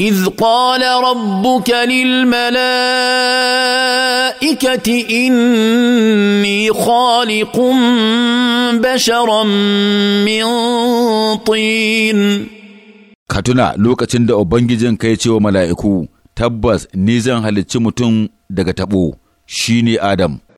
إذ قال ربك للملائكة إني خالق بشرا من طين katuna lokacin da Ubangijin ka ya ce wa mala'iku, tabbas ni zan halicci mutum daga taɓo, shi ne Adam.